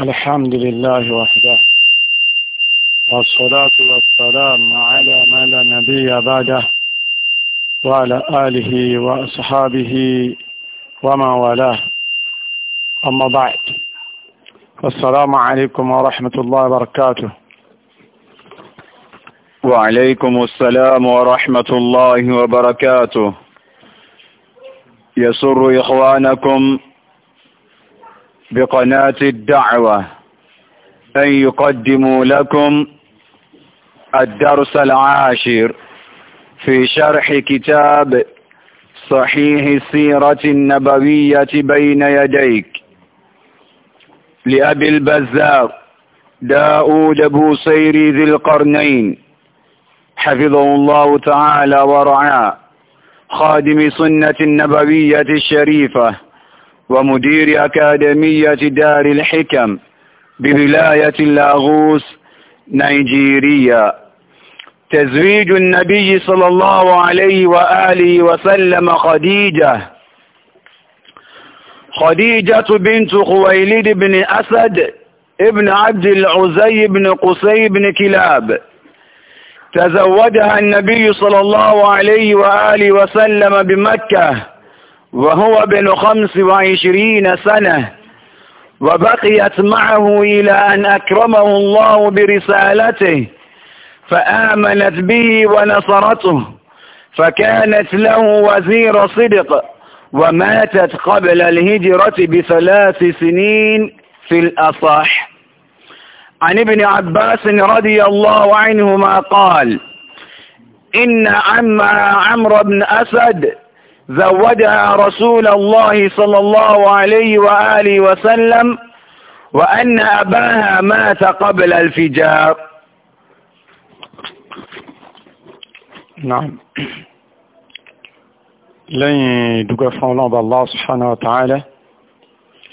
الحمد لله وحده والصلاة والسلام على ما لا نبي بعده وعلى آله وأصحابه وما والاه أما بعد السلام عليكم ورحمة الله وبركاته وعليكم السلام ورحمة الله وبركاته يسر إخوانكم بقناة الدعوة أن يقدموا لكم الدرس العاشر في شرح كتاب صحيح السيرة النبوية بين يديك لأبي البزار داود بوصيري ذي القرنين حفظه الله تعالى ورعاه خادم سنة النبوية الشريفة ومدير أكاديمية دار الحكم بولاية لاغوس نيجيريا تزويج النبي صلى الله عليه وآله وسلم خديجة خديجة بنت خويلد بن أسد ابن عبد العزي بن قصي بن كلاب تزوجها النبي صلى الله عليه وآله وسلم بمكة وهو ابن خمس وعشرين سنة وبقيت معه إلى أن أكرمه الله برسالته فآمنت به ونصرته فكانت له وزير صدق وماتت قبل الهجرة بثلاث سنين في الأصح عن ابن عباس رضي الله عنهما قال إن عم عمرو بن أسد زودها رسول الله صلى الله عليه وآله وسلم وأن أباها مات قبل الفجار نعم لن يدقى الله بالله سبحانه وتعالى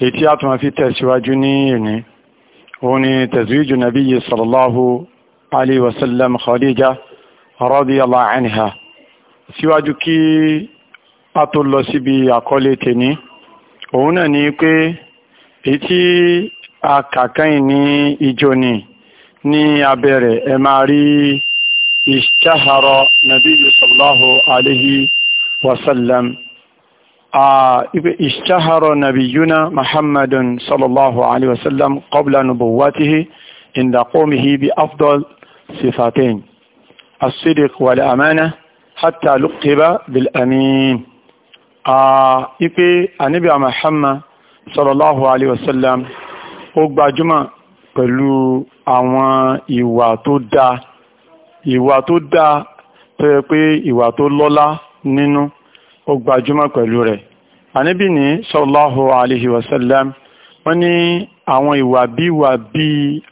اتيات ما في تسواجني هوني تزويج النبي صلى الله عليه وسلم خديجة رضي الله عنها سواجكي a tó lọ síbi àkọlé tèní òun náà ni pé èyí tí a kà kẹ́yìn ní ìjọ ni ní abẹ́rẹ̀ ẹ máa rí ìṣàhàrọ̀ nàbí sallallahu alayhi wa sallam ìṣàhàrọ̀ nàbí yúnà muhammadun sallallahu alayhi wa sallam qabla nubuwatihi inda qawmihi bi afdal sifatain as wal amana hatta luqiba bil amin ipe anibi amahama sallallahu alaihi wasallam ó gbajúmọ̀ pẹ̀lú àwọn ìwà tó dáa ìwà tó dáa tó yẹ pé ìwà tó lọ́lá nínú ó gbajúmọ̀ pẹ̀lú rẹ̀ anibi ní sallallahu alaihi wasallam wọ́n ní iwa bi bí bi bí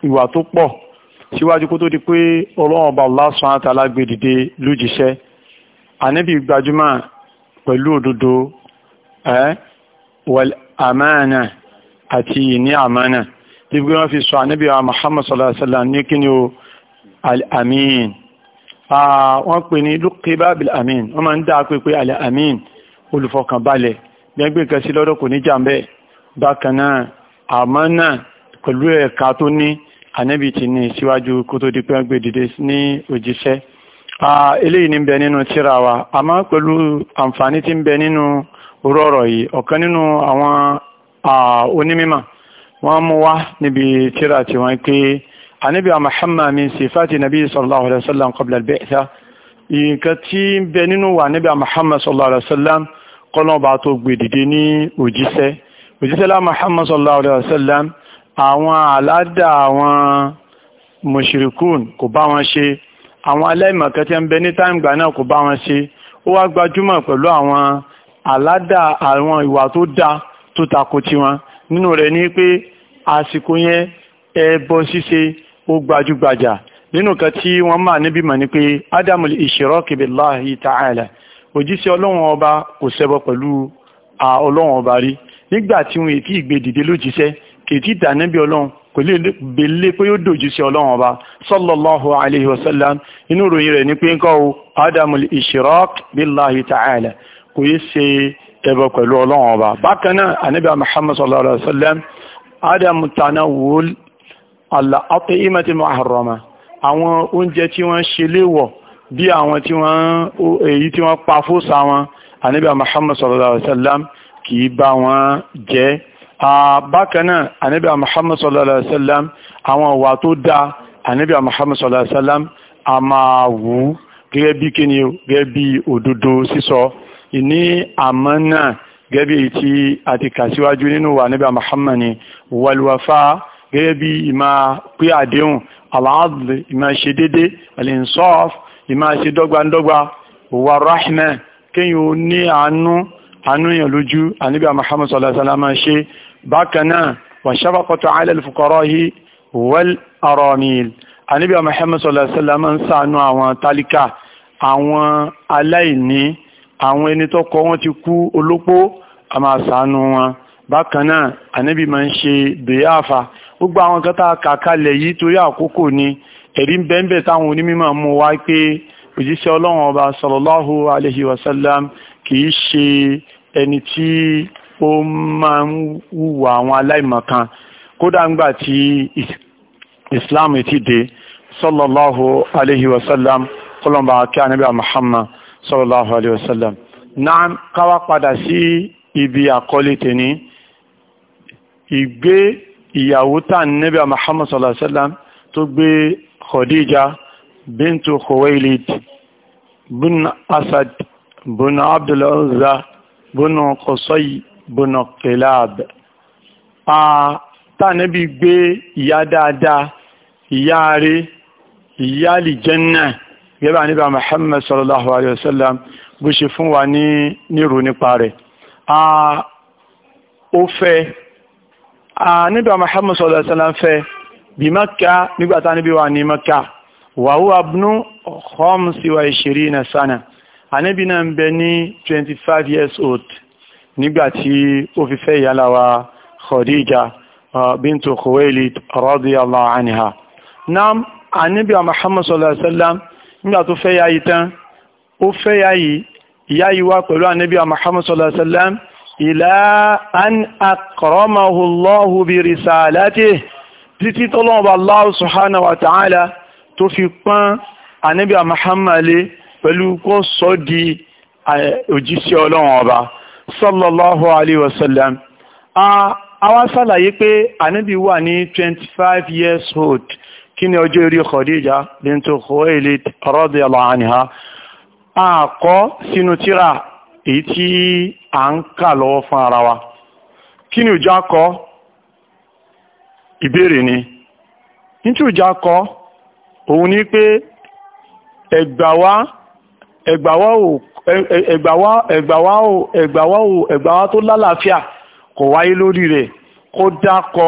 ìwà tó pọ̀ síwájú kó tó di pé ọlọ́run ọba Allah subhanahu wa ta'ala gbé dìde anibi gbajúmọ̀ pẹ̀lú òdodo ẹ́ wal amana àti ìní amana tí gbé wọ́n fi sọ ànábì wa Muhammad sallallahu alaihi wasallam ní kí ni o al-amin wọ́n pè ní lókèbá bil-amin wọ́n máa ń dá pé pé al-amin olùfọkànbalẹ̀ gbẹ́gbẹ́ kẹsí lọ́dọ̀ kò ní jàmbẹ́ eléyìí ní bẹ nínú tírà wa àmọ́ pẹ̀lú àǹfààní tí ń bẹ nínú rọ̀rọ̀ yìí ọ̀kan nínú àwọn onímímọ̀ wọ́n mú wá níbi tírà tí wọ́n pé ànábì Muhammad min sifati nabi sallallahu alaihi wasallam qabla al-bi'tha nǹkan tí ń bẹ nínú wà ànábì Muhammad sallallahu alaihi wasallam kọ́lọ́ba àwọn aláìmọ̀kẹ́ tí ń bẹ ní táìmùgbà náà kò bá wọn ṣe ó wá gbajúmọ̀ pẹ̀lú àwọn aládà àwọn ìwà tó dá tó tako tiwọn nínú rẹ̀ ní pé àsìkò yẹn ẹbọ ṣíṣe ó gbajúgbajà nínú kan tí wọ́n máa níbi mọ̀ ni pé ádámù ìṣirọ́kì billahi ta'ala òjíṣẹ́ ọlọ́run ọba kò ṣẹbọ pẹ̀lú ọlọ́run ọba rí nígbà tí wọn ètí ìgbèdìde lójíṣẹ́ kètí ìdánábì ọlọ́run kò lè belé pé ó dòjú sí ọlọ́run ọba sallallahu alayhi wa sallam inú ròyìn rẹ̀ ní pé ń kọ́ o adamul ishiraq billahi ta'ala kò yí ṣe ẹbọ pẹ̀lú ọlọ́run ọba bákan náà anabi muhammad sallallahu alayhi wa sallam adamu tanawul ala at'imati muharrama àwọn oúnjẹ tí wọ́n ṣe léwọ̀ bí àwọn tí wọ́n èyí tí wọ́n pa fóòsà wọn anabi muhammad sallallahu alayhi wa sallam bá wọn jẹ́ bákanáà ànábì Muhammad sallallahu alaihi wasallam àwọn ìwà tó dáa ànábì Muhammad sallallahu alaihi wasallam a máa wù ú gẹ́gẹ́ bí kíni gẹ́gẹ́ bí òdodo sísọ ìní àmọ́ náà gẹ́gẹ́ bí tí a ti kà síwájú nínú wà ànábì Muhammad ni wàlúwàfà gẹ́gẹ́ bí ìmá pé àdéhùn aláàdì ìmá ṣe dédé alinsọ́f ìmá ṣe dọ́gbandọ́gba wà rahman kéyìn ó ní àánú àánú èèyàn lójú ànábì Muhammad sallallahu alaihi wasallam ṣe bákan náà wọ́n ṣàbàkọ́tọ̀ alẹ́lẹ́fukọ́rọ́ yìí wọ́l aramil ànábì Muhammad sallallahu alaihi wasallam ń ṣàánú àwọn tálíkà àwọn aláìní àwọn ẹni tó kọ wọn ti kú olópó a máa ṣàánú wọn bákan náà máa ń ṣe dèyàfà gbogbo àwọn kan tá yìí torí àkókò ni ẹ̀rí ń táwọn onímọ̀ mú wá pé òjíṣẹ́ ọlọ́run ọba sallallahu alaihi wasallam kì í ṣe ẹni tí ó máa ń wùwà àwọn aláìmọ̀kan kódà ńgbà tí islam ti dé sallallahu alayhi wa sallam kọlọmba akí anábíà muhammad sallallahu alayhi wa sallam náà káwá padà sí ibi àkọlé tẹni ìgbé ìyàwó tán nábíà muhammad sallallahu alayhi wa sallam tó gbé khadija bintu khuwailid bin asad bin abdul uzza bin qusay bunokilab a tànàbí gbé ìyá dáadáa ìyá rí ìyá àlìjẹ́nà gẹ́gẹ́ bá níbà Muhammad sallallahu alayhi wa sallam bó ṣe fún wa ní nírò nípa rẹ̀ a ó fẹ́ a níbà Muhammad sallallahu alayhi wa sallam fẹ́ bí Makka nígbàtà níbi wà ní Makka wa huwa ibnu khamsi wa ishirina sana àníbì náà ń bẹ ní 25 years old nígbàtí ó fi fẹ́ ìyáláwa Khadija uh, bintu Khuwailid radiyallahu anha náà àníbíà Muhammad sallallahu alaihi wasallam nígbà tó fẹ́ yáyí tán ó fẹ́ yáyí ìyá yìí wá pẹ̀lú àníbíà Muhammad sallallahu alaihi wasallam ila an akramahu Allahu bi risalatihi títí tọ́lọ́wọ́ Allah subhanahu wa ta'ala tó fi pán àníbíà Muhammad lé pẹ̀lú kó sọ́ di eh, òjíṣẹ́ ọlọ́run ọba sallallahu alayhi wa sallam àwa ṣàlàyé pé ànábì wà ní 25 years old kí ojo ọjọ́ Khadija bintu Khuwailid radiyallahu anha àkọ́ sínú tíra èyí tí a ń kà lọ́wọ́ fún ara wa kí ojo ko akọ ni nítorí ojo ko òun ni pé egbawa ẹgbàwá òkú ẹgbàwá ẹgbàwá ò ẹgbàwá ò ẹgbàwá tó lálàáfíà kò wáyé lórí rẹ̀ kó dákọ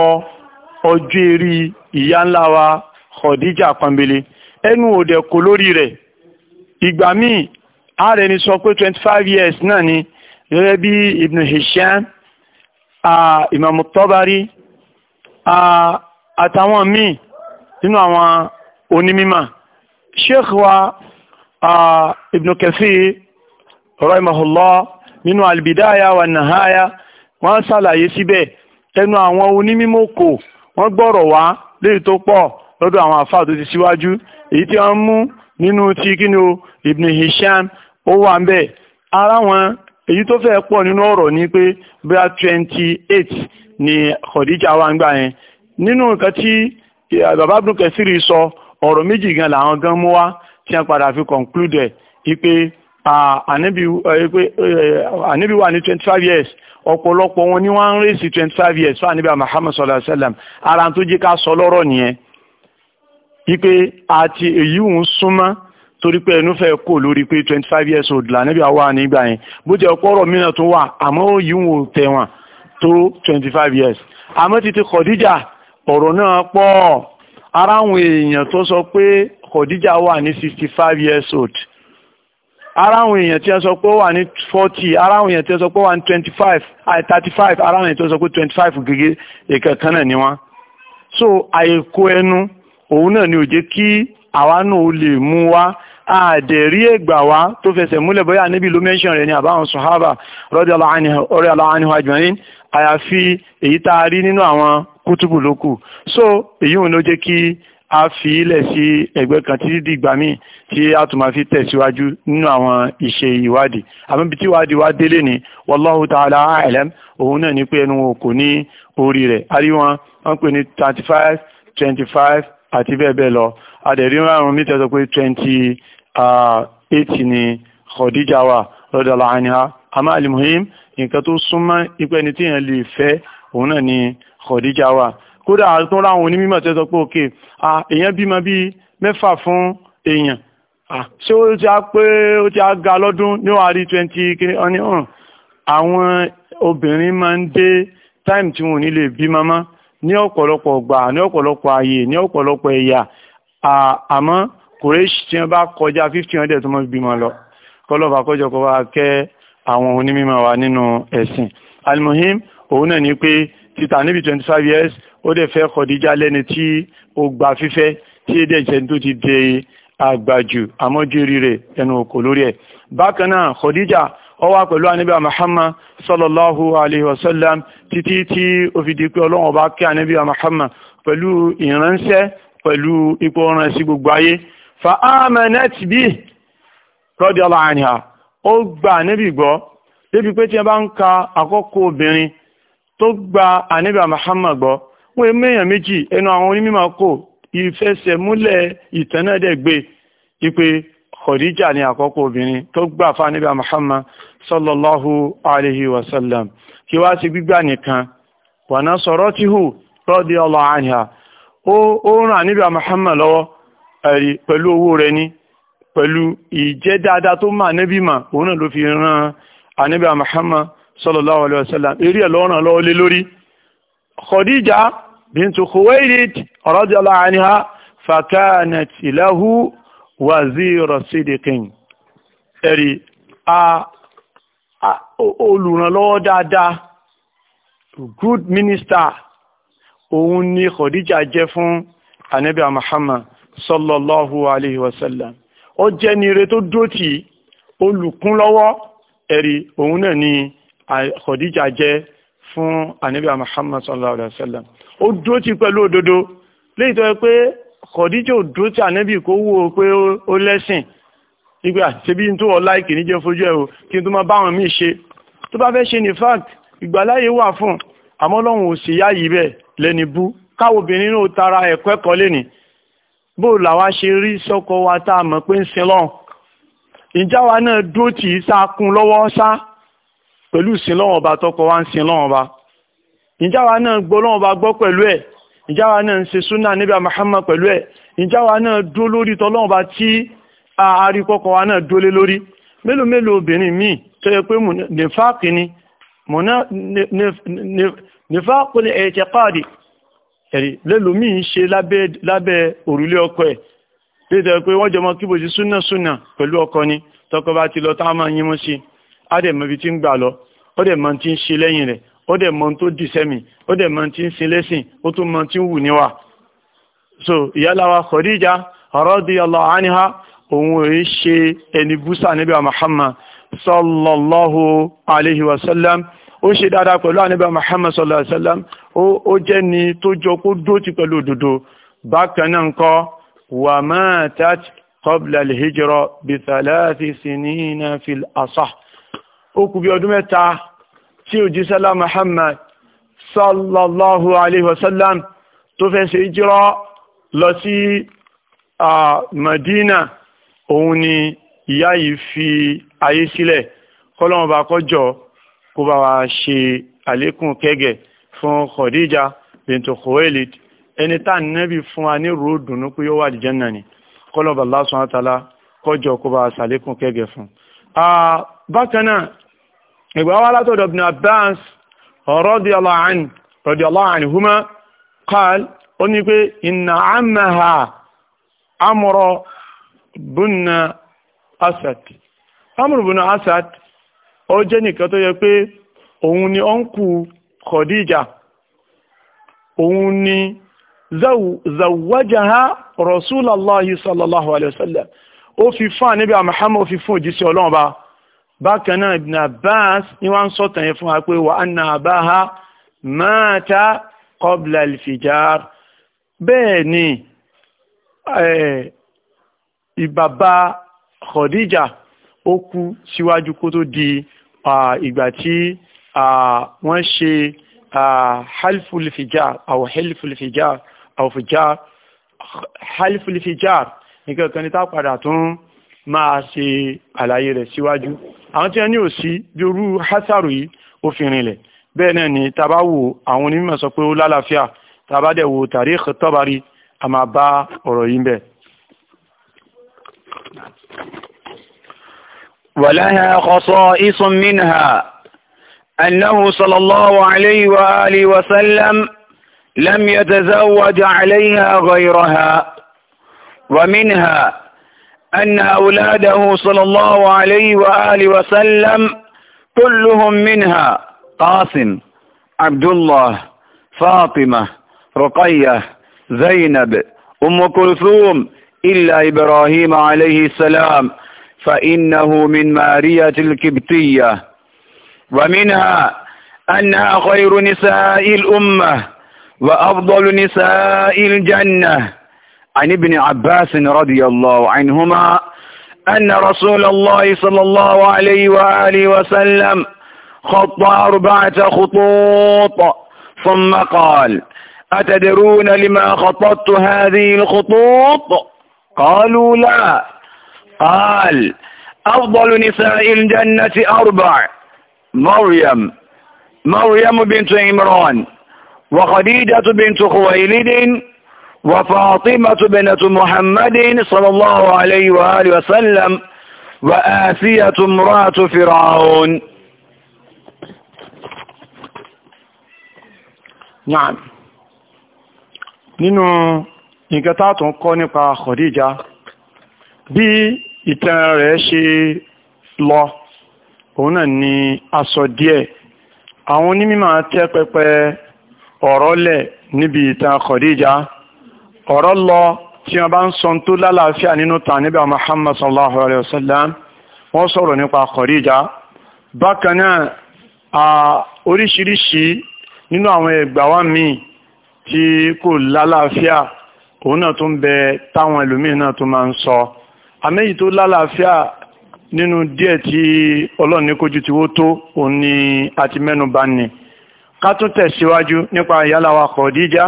ọjọ́ eré ìyá ńlá wa Khadija pọ́nbélé ẹnu òdẹ kò lórí rẹ̀ ìgbà míì ààrẹ ni sọ pé twenty five years náà ni gẹ́gẹ́ bí Ibn Hisham Imam Tabari àtàwọn míì nínú àwọn onímímà sheikh wa Ibn Kathir rahimahullah nínú albidaya wa nahaya wọ́n ṣàlàyé síbẹ̀ ẹnu àwọn onímímọ́ kò wọ́n gbọ́rọ̀ wá léyìí tó pọ̀ lọ́dọ̀ àwọn àfáà tó ti síwájú èyí tí wọ́n mú nínú ti kíni ibn hisham ó wà ń bẹ̀ ara wọn èyí tó fẹ́ pọ̀ nínú ọ̀rọ̀ ni pé bíra twenty eight ni khadija wa ń gbà yẹn nínú nǹkan tí eh, bàbá abdul kasiri sọ ọ̀rọ̀ méjì gan làwọn gan mú wá tí wọ́n padà fi conclude ẹ̀ pé ànábì wà ní 25 years ọ̀pọ̀lọpọ̀ wọn ni wọ́n ń rèsì 25 years fún ànábì Muhammad sallallahu alaihi wasallam ara tó jẹ́ ká sọ lọ́rọ̀ nìyẹn wípé àti èyí ń súnmọ́ torí pé ẹnu fẹ́ kò lórí pé 25 years old là ànábì wà nígbà yẹn bó jẹ́ ọ̀pọ̀ ọ̀rọ̀ mìíràn tó wà àmọ́ èyí ń tẹ̀wọ̀n tó 25 years àmọ́ títí Khadija ọ̀rọ̀ náà pọ̀ ara àwọn èèyàn tó sọ pé Khadija wà ní 65 years old ara àwọn èèyàn tí a sọ pé ó wà ní 40 ara àwọn èèyàn tí a sọ pé ó wà ní twenty àì thirty five ara àwọn èèyàn tí ẹ sọ pé twenty five gègé ìkẹ̀kẹ́ náà ni wọ́n. so àìkó ẹnu òun náà ni ò jẹ́ kí àwa náà ó lè mú wá àdẹ̀rí ẹgbà wa tó fẹsẹ̀ múlẹ̀ bóyá níbi ló mẹ́ṣọ̀n rẹ̀ ni àbáwọn sọ̀hábà rọ́dí aláàánihù àjùmọ̀yìn àyàfi èyí tá a rí nínú àwọn kútùbù lókù so èyí òun ló jẹ́ kí a fi ilẹ̀ sí ẹgbẹ́ kan títí dìgbà míì tí a tún máa fi tẹ̀síwájú nínú àwọn ìṣe ìwádìí àmọ́bí tí ìwádìí wá délé ni wallahu ta'ala a'lam òun náà ní pé ẹnu wọn ní orí rẹ̀ àríwọ̀n wọ́n pè ní thirty five twenty five àti bẹ́ẹ̀ bẹ́ẹ̀ lọ adẹ̀rí márùn-ún mítẹ̀ pé twenty eight ni Khadija wà radiyallahu anha àmọ́ al-muhim nǹkan tó súnmọ́ ipẹ́ni tí èèyàn lè fẹ́ òun náà ni Khadija wà kódà tó ráwọn onímọ̀ tẹ́ sọ pé òkè èèyàn bímọ bíi mẹ́fà fún èèyàn ṣé ó ti á pé ó ti á ga lọ́dún ní wàá rí twenty kiri ọ̀ní hàn àwọn obìnrin máa ń dé táìmù tí wọn ò ní lè bí mama ní ọ̀pọ̀lọpọ̀ ọgbà ní ọ̀pọ̀lọpọ̀ ààyè ní ọ̀pọ̀lọpọ̀ ẹ̀yà àmọ́ kòrèṣì tí wọ́n bá kọjá fifteen hundred tó mọ́ bímọ lọ kọlọ́ba kọjọ kọ́ wa kẹ́ àwọn onímọ̀ wa nínú ẹ̀sìn almuhim òun náà ni pé títà níbi twenty five years ó dẹ̀ fẹ́ Khadija lẹ́ni tí ó gba fífẹ́ tí èdè ìṣẹ́ tó ti dé àgbàjù àmọ́júrí rẹ̀ ẹnu òkò lórí ẹ̀ bákan náà Khadija ó wà pẹ̀lú ànábì Muhammad sallallahu alaihi wasallam títí tí ó fi di pé ọlọ́run ọba kí ànábì Muhammad pẹ̀lú ìránṣẹ́ pẹ̀lú ipò ọ̀ràn sí gbogbo ayé fa amanat bi radiyallahu anha ó gba ànábì gbọ́ débi pé tí wọ́n bá ń ka àkọ́kọ́ obìnrin tó gba ànábì Muhammad gbọ́ wọ́n èmú èèyàn méjì ẹnu àwọn onímọ̀ kò ìfẹsẹ̀múlẹ̀ ìtàn náà dẹ̀ gbé ipe Khadija ni àkọ́kọ́ obìnrin tó gbà fún Ànábì Muhammad sallallahu alayhi wa sallam kí wá sí gbígbà nìkan wa nasaratuhu radiyallahu anha ó ràn Ànábì Muhammad lọ́wọ́ pẹ̀lú owó rẹ̀ ní pẹ̀lú ìjẹ́ dáadáa tó máa nẹ́bí mà òun náà ló fi ran Ànábì Muhammad sallallahu alayhi wa sallam eré ẹ̀ lọ́ràn lọ́wọ́ lé lórí Khadija bintu Khuwaylid radiyallahu anha fakanat lahu wazira sidikin ẹ̀rí a olùrànlọ́wọ́ dáadáa good minister òun ni Khadija jẹ́ fún anabi Muhammad sallallahu alayhi wa sallam ó jẹ́ ni ire tó dúró tì olùkún lọ́wọ́ ẹ̀rí òun náà ni Khadija jẹ́ fún anabi Muhammad sallallahu alayhi wa ó dúró tì pẹ̀lú òdodo léyìí tó yẹ pé kọ̀díjà ò dúró tì ànábì kó wò ó pé ó lẹ́sìn ìgbà ṣebí tó wọ́n láìkì níjẹ́ fojú ẹ̀ o kí n tó máa báwọn míì ṣe tó bá fẹ́ ṣe ní fact ìgbàláyé wà fún àmọ́ lọ́hùn òsì yá yìí bẹ́ẹ̀ lẹ́ni bú káwọn obìnrin náà tara ẹ̀kọ́ ẹ̀kọ́ lẹ́ni bó làwa ṣe rí sọ́kọ wa tá a mọ̀ pé ń sin lọ́hùn ìjà wa náà dúró tì í sá kún lọ́wọ́ sá pẹ̀lú sin lọ́wọ́ ọba tọkọ wa ń sin lọ́wọ́ ọba ìjáwa náà gbọ́lọ́wọ́ bá gbọ́ pẹ̀lú ẹ̀ ìjáwa náà ń súnà níbi Muhammad pẹ̀lú ẹ̀ ìjáwa náà dúó lórí tọ́lọ́wọ́ bá tí àárípọ̀kọ̀ wa náà dúó lé lórí mélòó mélòó obìnrin míì tó yẹ pé nìfáàkì ni nìfáàkì ni ẹ̀ẹ̀tẹ̀ káàdì ẹ̀rí lẹ́lòmíì ń ṣe lábẹ́ òrùlé ọkọ ẹ̀ tẹ́tẹ́ pé wọ́n jọmọ kí bó ti súnà súnà pẹ̀lú ọkọ ni tọkọ bá ti lọ táwọn máa sí i tí ń gbà lọ ó dẹ̀ ń ṣe lẹ́yìn rẹ̀ ó dẹ̀ mọ tó dì sẹ́mi ó dẹ̀ mọ tí ń sin lẹ́sìn ó tún mọ tí ń wù níwà so ìyáláwa Khadija radiyallahu anha òun ò ṣe ẹni búsà níbi Muhammad sallallahu alayhi wa sallam ó ṣe dáadáa pẹ̀lú àníbà Muhammad sallallahu alayhi wa sallam ó jẹ́ ni tó jọ kó dóti pẹ̀lú òdodo bákan náà ńkọ́ wà máa tàti qabla al-hijra bi sinina fil ó kù bí ọdún mẹ́ta tí òjísẹ́lá Muhammad sallallahu alaihi wasallam tó fẹ́ ṣe ìjírọ́ lọ sí Madina òun ni ìyá yìí fi ayé sílẹ̀ kọ́lọ́wọ́n bá kọjọ kó bá wa ṣe àlékún kẹ́gẹ̀ fún Khadija bintu Khuwailid ẹni tá nẹ́bí fún wa ní ròdùnú pé ó wà Janna ni kọ́lọ́wọ́n bá Allah subhanahu wa ta'ala kọjọ kó bá wa ṣàlékún kẹ́gẹ̀ fún. bákan náà ìgbà wá látọ̀dọ̀ ibn abbas radiyallahu anhu radiyallahu anhuma qal ó ní pé inna ammaha amru ibn asad amru ibn asad ó jẹ́ nìkan tó yẹ pé òun ni ọ́nkù khadija òun ni zawajaha rasulallahi sallallahu alaihi wasallam ó fi fún àníbí àmàhámà ó fi fún òjísí ọlọ́run bá bákan náà ibn abbas ni wọ́n sọ̀tàn yẹn fún wa pé wà á na àbáha máta qabla al-fijar bẹ́ẹ̀ ni ìbàbá khadija ó kú síwájú kó tó di ìgbà tí wọ́n ṣe halfulfijar àwọn halfulfijar àwọn fijar halfulfijar nìkan kan ní tá tún máa ṣe àlàyé rẹ̀ síwájú àwọn tí wọ́n ní òsí bí hasaru yìí ó fi rinlẹ̀ bẹ́ẹ̀ náà ni tàbá wo àwọn onímọ̀ sọ pé ó lálàáfíà tàbá dẹ̀ wo tàríkì tọ́bárí a máa bá ọ̀rọ̀ yìí bẹ̀. ولها خصائص منها أنه صلى الله عليه وآله وسلم لم يتزوج عليها غيرها ومنها أن أولاده صلى الله عليه وآله وسلم كلهم منها قاسم عبد الله فاطمة رقية زينب أم كلثوم إلا إبراهيم عليه السلام فإنه من مارية الكبتية ومنها أنها خير نساء الأمة وأفضل نساء الجنة عن ابن عباس رضي الله عنهما أن رسول الله صلى الله عليه وآله وسلم خط أربعة خطوط ثم قال أتدرون لما خططت هذه الخطوط قالوا لا قال أفضل نساء الجنة أربع مريم مريم بنت عمران وخديجة بنت خويلد وفاطمة بنت محمد صلى الله عليه وآله وسلم وآسية امرأة فرعون نعم nínú nǹkan tààtùn kọ́ nípa Khadija bí ìtàn rẹ̀ ṣe lọ òun náà ni a díẹ̀ àwọn onímọ̀ tẹ́ pẹpẹ ọ̀rọ̀ lẹ̀ níbi ìtàn Khadija ọ̀rọ̀ lọ tí wọ́n bá ń sọ tó lálàáfíà nínú ta níbi Muhammad sallallahu alayhi wa sallam wọ́n sọ̀rọ̀ nípa Khadija bákan náà oríṣiríṣi nínú àwọn ẹgbàwá míì tí kò lálàáfíà òun náà tó ń bẹ táwọn ẹlòmíì náà tó máa ń sọ àmẹ́yì tó lálàáfíà nínú díẹ̀ tí ọlọ́ọ̀ni kójú ti wó tó òun ni àti mẹ́nu bá ní ká tún tẹ̀síwájú nípa ìyálawa Khadija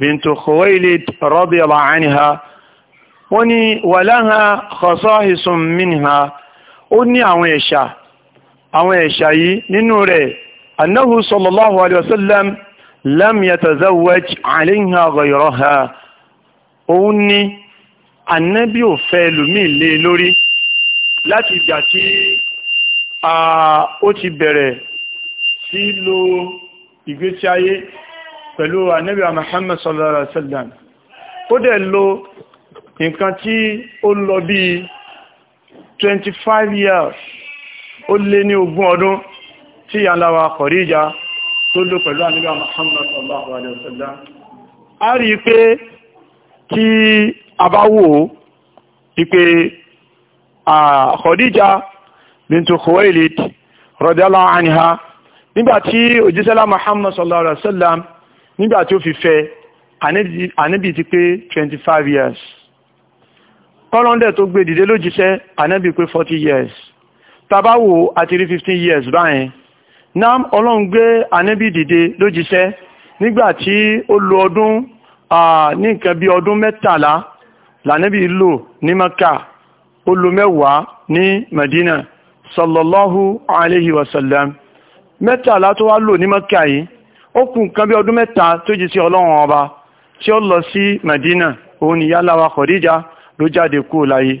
bintu Khuwailid radiyallahu anha wọ́n ní walaha khasahisun minha ó ní àwọn ẹ̀ṣà àwọn ẹ̀ṣà yìí nínú rẹ̀ annahu sallallahu alayhi wa sallam lam yatazawwaj alayha ghayraha òun ní annabi ò fẹ́ ẹlòmíì e ti bẹ̀rẹ̀ sí lo ìgbésí ayé pẹ̀lú ànábì Muhammad sallallahu alaihi wasallam ó dẹ̀ lo nǹkan tí ó lọ bí 25 years ó lé ní ogún ọdún tí aláwa Khadija tó lò pẹ̀lú ànábì Muhammad sallallahu alaihi wasallam a rí pé kí a bá wò wípé Khadija bintu Khuwailid radiyallahu anha nígbàtí òjísẹ́lá Muhammad sallallahu alaihi wasallam nígbà tí ó fi fẹ́ ànábì ti pé 25 years kọ́lọ́ndẹ̀ tó gbé dìde lójíṣẹ́ ànábì pé 40 years tabawo àti rí 15 years báyẹn Nam ọlọ́run gbé ànábì dìde lójíṣẹ́ nígbà tí ó lo ọdún ní nǹkan bí ọdún mẹ́tàlá lànábì lò ní maka ó lo mẹ́wàá ní madina sallallahu alayhi wa sallam mẹ́tàlá tó wá lò ní maka yìí ó kù nǹkan bí ọdún mẹ́ta tó jí sí ọlọ́run ọba tí ó lọ sí Medina òun ni ìyá wa Khadija ló jáde kú láyé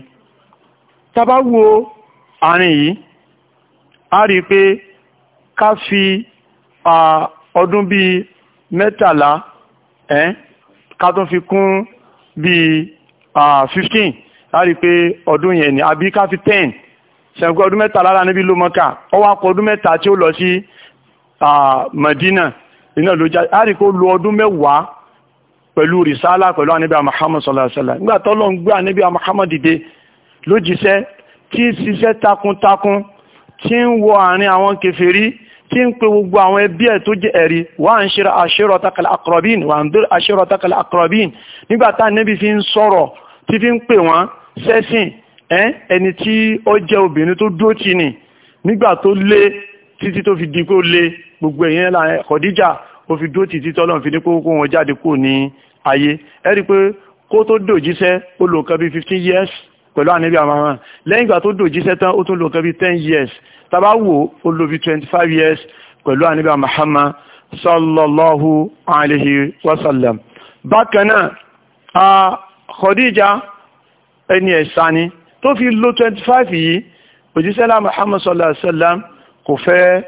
tábà wo àárín yìí a rí i pé ká fi ọdún bíi mẹ́tàlá ká tún fi kún bíi fifteen a rí i pé ọdún yẹn ni àbí ká fi ten ṣẹ̀ǹkú ọdún mẹ́tàlá lára níbi ló mọ́kà ó wá kọ ọdún mẹ́ta tí ó lọ sí Medina iná ló jáde á rí kó lo ọdún mẹ́wàá pẹ̀lú rìsálà pẹ̀lú ànábì Muhammad sallallahu alaihi wasallam nígbà tó lọ́n gbé ànábì Muhammad dìde ló jíṣẹ́ tí ń ṣiṣẹ́ takuntakun tí ń wọ àárín àwọn kèfèrí tí ń pe gbogbo àwọn ẹbí ẹ̀ tó jẹ́ ẹ̀rí wà ń ṣe ashiratakal aqrabin wà ń dúró ashiratakal aqrabin nígbà tá ànábì fi ń sọ̀rọ̀ tí fi ń pè wọ́n sẹ́sìn ẹni tí ó jẹ́ obìnrin tó dúró tì ní nígbà tó lé títí tó fi di kó lé gbogbo ẹ̀yẹn là Khadija ó fi dúró títí tọ́lọ́run fi ní kó kó wọn jáde kúrò ní ayé ẹ rí i pé kó tó dòjíṣẹ́ ó lò nǹkan bíi fifteen years pẹ̀lú àníbi àmàmà lẹ́yìn ìgbà tó dòjíṣẹ́ tán ó tún lò nǹkan bíi ten years tàbá wò ó lò bíi twenty five years pẹ̀lú àníbi àmàmà sallallahu alayhi wa sallam. bákan náà Khadija ẹni ẹ̀sán ni tó fi lò twenty five yìí òjíṣẹ́ lá kò fẹ́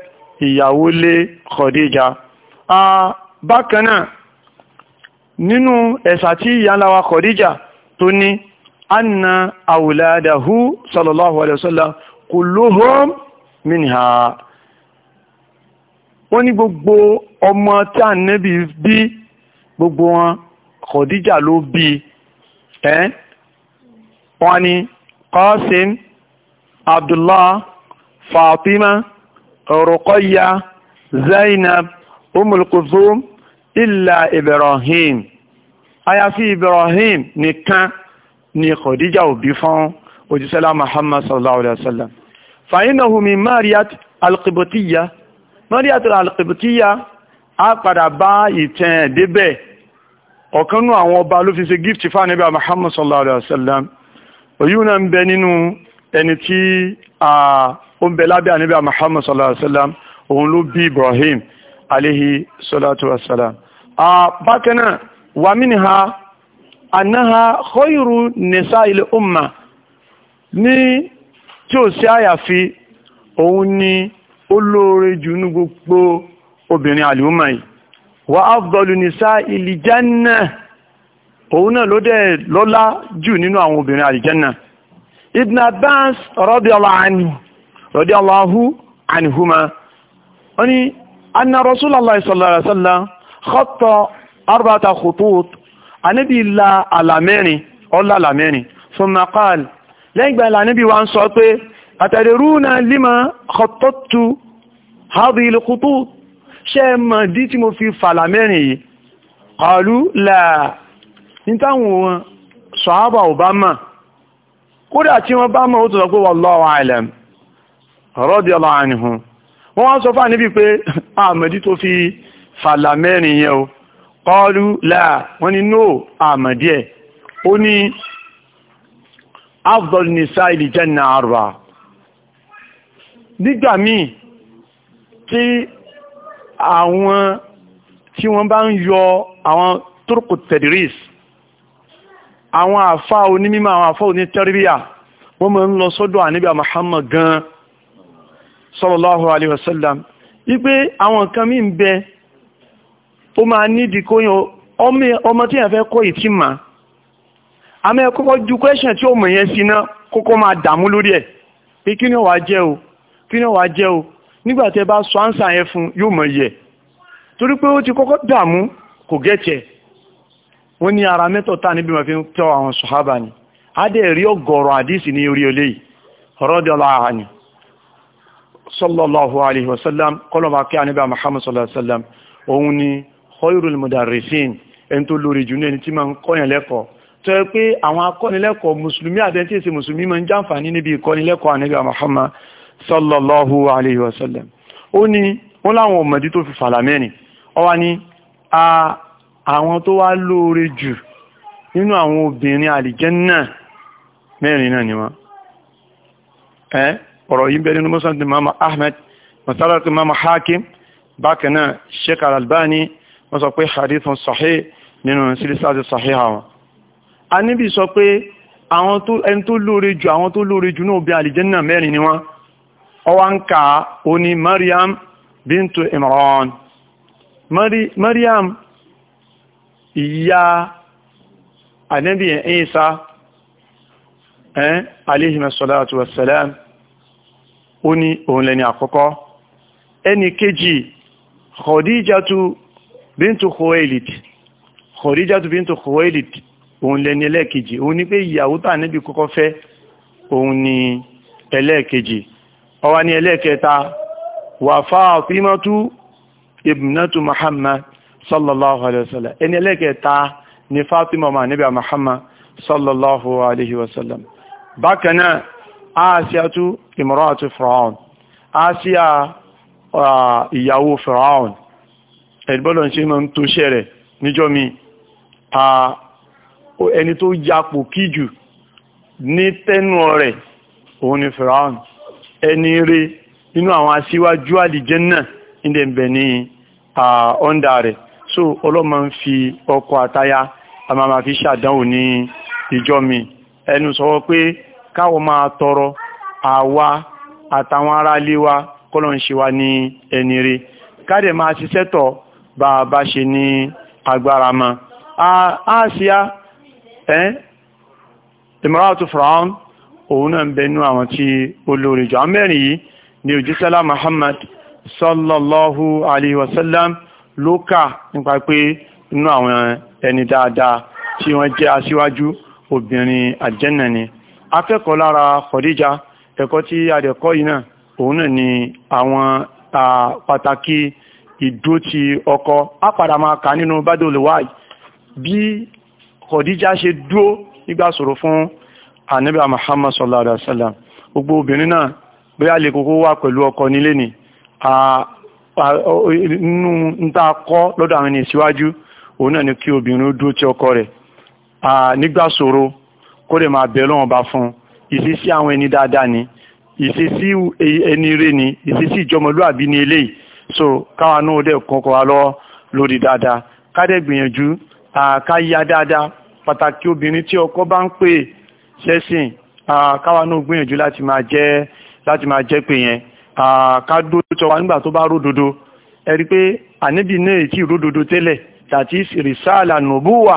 ìyàwó lé Khadija bákan náà nínú ẹ̀sà tí ìyànlá wa Khadija tó ní anna awladahu sallallahu alaihi wasallam kulluhum minha wọ́n ní gbogbo ọmọ tí wọn Khadija ló bí ẹ́ wọ́n ní Qasim Abdullah Fatima Ruqayya Zainab Ummul Kulthum illa Ibrahim àyàfi Ibrahim nìkan ni Khadija òbí fún òjíṣẹ́lá Muhammad sallallahu alaihi wasallam fàyínàhù min Mariyat al-Qibtiyya Mariyat al-Qibtiyya a padà bá ìtẹ̀ débẹ̀ ọ̀kanú àwọn ọba ló fi ṣe gift fánibà Muhammad sallallahu alaihi wasallam òyí náà ń bẹ nínú ẹni ó ń bẹ lábẹ́ ànábì Muhammad sallallahu alaihi wasallam òun ló bí Ibrahim alayhi salatu wassalam bákan náà wa minha annaha khayru nisa'il umma ní tí ò sí àyàfi òun ni ó lóore jù ní gbogbo obìnrin àlùmọ̀ yìí wa afdalu nisa'il janna òun náà ló dẹ̀ lọ́lá jù nínú àwọn obìnrin àlìjẹ́nà Ibn Abbas radiyallahu anhu radiyallahu anhuma wọ́n ni anna rasulallah sallallahu alaihi wasallam khatta arbata khutut anabi la alamẹ́rin ọlá alamẹ́rin thumma qala lẹ́yìn gbà lànàbí wa ń sọ pé atadiruna lima khattattu hadhihi alkhutut ṣe mọ̀ dí tí mo fi fàlàmẹ́rin yìí qalu la ní táwọn wọ́n sọ radiyallahu anhu wọ́n wá sọ fún àníbí pé àmọ̀dí tó fi fàlà mẹ́rin yẹn o qalu la wọ́n ní no àmọ̀dí ẹ̀ ó ní afdal nisa il janna arba nígbà míì tí àwọn tí wọ́n bá ń yọ àwọn turku tedris àwọn àfá onímímọ̀ àwọn àfá onítẹ́ríbíà wọ́n mọ̀ ń lọ sọ́dọ̀ àníbà Muhammad gan-an sallallahu alaihi wasallam wípé àwọn nǹkan mí ń bẹ ó máa nídi kóyàn ọmọ tí yàn fẹ́ kọ́ ìtí ma àmẹ́ kọ́kọ́ ju question tí ó mọ̀ yẹn síná kókó máa dààmú lórí ẹ̀ pé kí ni ó wá jẹ́ o ni ó wá jẹ́ o nígbà tẹ́ bá sọ ánsà yẹn fún yóò mọ̀ yẹ torí pé ó ti kọ́kọ́ dààmú kò gẹ́tẹ̀ wọ́n ní ara mẹ́tọ̀ta níbi mọ̀ fi tọ́ àwọn sọ̀hábà ni á dẹ̀ rí ọ̀gọ̀rọ̀ àdìsí ní orí olè yìí ọ̀rọ̀ dọ́là àhàní sallallahu alaihi wasallam kọlọba kí a níbà muhammad sallallahu alaihi wasallam òun ni khairul mudarrisin ẹni tó lórí jù ní ẹni tí ma ń kọ́yàn lẹ́kọ̀ọ́ tó yẹ pé àwọn akọ́nilẹ́kọ̀ọ́ musulmi àdẹ́ntíẹsì musulmi ma ń jàǹfààní níbi ìkọ́nilẹ́kọ̀ọ́ àníbà muhammad sallallahu alaihi wasallam ó ní wọ́n láwọn ọmọdé tó fi fàlà mẹ́rin ó wá àwọn tó wá lóore jù nínú àwọn obìnrin àlìjẹ́nnà mẹ́rin náà ni wọ́n ọ̀rọ̀ yìí bẹ nínú musnad imam ahmed masalat imam hakim bákan náà sheikh al-albani wọ́n sọ pé hadithun sahih nínú sílísáàtì sahih àwọn a níbi sọ pé àwọn tó ẹni tó lóore jù àwọn tó lóore jù náà bí alìjẹ́nà mẹ́rin ni wọ́n ọwá ń ka o ní mariam bintu imran mariam ìyá ànábì Ìsá alayhi salatu wassalam ó ní òun lẹni àkọ́kọ́ ẹni kejì khadijatu bintu khuwailid khadijatu bintu khuwailid òun lẹni ẹlẹ́ẹ̀kejì òun ní pé ìyàwó tà níbi kọ́kọ́ fẹ́ òun ni ẹlẹ́ẹ̀kejì ó wá ní ẹlẹ́ẹ̀kẹta wà fáfímọ́tú ibnatu muhammad sallallahu alaihi wasallam ẹni ẹlẹ́ẹ̀kẹta ni fáfímọ́ ma níbi muhammad sallallahu alaihi wasallam bákan Aasiatu ìmọ̀ràtú fìràún aṣíà ìyàwó fìràún ẹ̀dùbọ́lọ̀ ṣe mọ́ tó ṣẹ̀rẹ̀ níjọ́ mi ẹni tó yapò kíjù ní tẹ́nu rẹ̀ òun ni fìràún ẹni rí nínú àwọn aṣíwájú àlìjẹ́nnà ilẹ̀ ìbẹ̀ ní ọ́ndà rẹ̀ so ọlọ́mọ ń fi ọkọ̀ àtayá a máa fi ṣàdánwò ní ìjọ́ mi ẹnu sọ pé káwọ́ máa tọrọ àwa àtàwọn ará ilé wa kọ́lọ̀ ń ṣe wa ní ẹni rí káde máa ṣiṣẹ́ tọ̀ bá a bá ṣe ní agbára mọ́ àásíá ẹ́ ìmọ̀ráàtú fìràún òun náà bẹnu àwọn tí olórí jọ amẹ́rin yìí ni òjísẹ́lá Muhammad sallallahu alaihi wasallam ló kà nípa pé inú àwọn ẹni dáadáa tí wọ́n jẹ́ aṣíwájú obìnrin àjẹ́nà ni akẹ́kọ̀ọ́ lára Khadija ẹ̀kọ́ tí adẹ̀kọ́ yìí náà òun náà ni àwọn pàtàkì ìdó ti ọkọ á padà máa kà nínú Badul Wahyi bí Khadija ṣe dúó nígbà sọ̀rọ̀ fún Ànábì Muhammad sallallahu alaihi wasallam gbogbo obìnrin náà bóyá lè kókó wà pẹ̀lú ọkọ nílé ni nínú níta kọ́ lọ́dọ̀ àwọn ènìyàn síwájú òun náà ni kí obìnrin ó dúó ti ọkọ rẹ̀ nígbà sọ̀rọ̀ kó lè máa bẹ̀ lọ́wọ́n bá fún un ìṣesí àwọn ẹni dáadáa ni ìṣesí ẹni rẹ ni ìṣesí ìjọmọlúàbí ni eléyìí so káwa náà dẹ̀ kọ́kọ́ wa lọ́wọ́ lórí dáadáa ká dẹ̀ gbìyànjú ká yá dáadáa pàtàkì obìnrin tí ọkọ bá ń pè sẹ́sìn káwa náà gbìyànjú láti máa jẹ́ láti máa jẹ́ pé yẹn ká dótọ́ wa nígbà tó bá ródodo ẹ̀rí pé àníbì náà èyí ródodo tẹ́lẹ̀ that rìsáàlà nùbúwà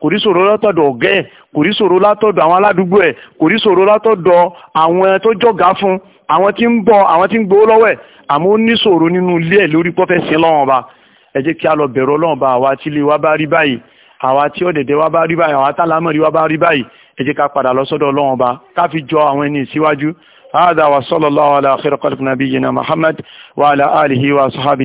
kò rí ṣòro látọ̀dọ̀ ọ̀gá ẹ̀ kò rí ṣòro látọ̀dọ̀ àwọn aládùúgbò ẹ̀ kò rí ṣòro látọ̀dọ̀ àwọn tó jọ̀gá fún àwọn tí ń bọ̀ àwọn tí ń gbowó lọ́wọ́ ẹ̀ àmọ́ ó ní ṣòro nínú ilé ẹ̀ lórí pọ́fẹ́ sí lọ́wọ́n ọba ẹ jẹ́ kí a lọ bẹ̀rù ọlọ́run bá àwa tí ilé wa bá rí báyìí àwa tí ọ̀dẹ̀dẹ̀ wa bá rí báyìí àwa tálámọ̀rí wa bá rí báyìí ẹ jẹ́ ká padà lọ sọ́dọ̀ ọlọ́run ọba ká fi jọ àwọn ẹni ìsíwájú هذا وصلى الله على خير خلق نبينا محمد وعلى آله وصحبه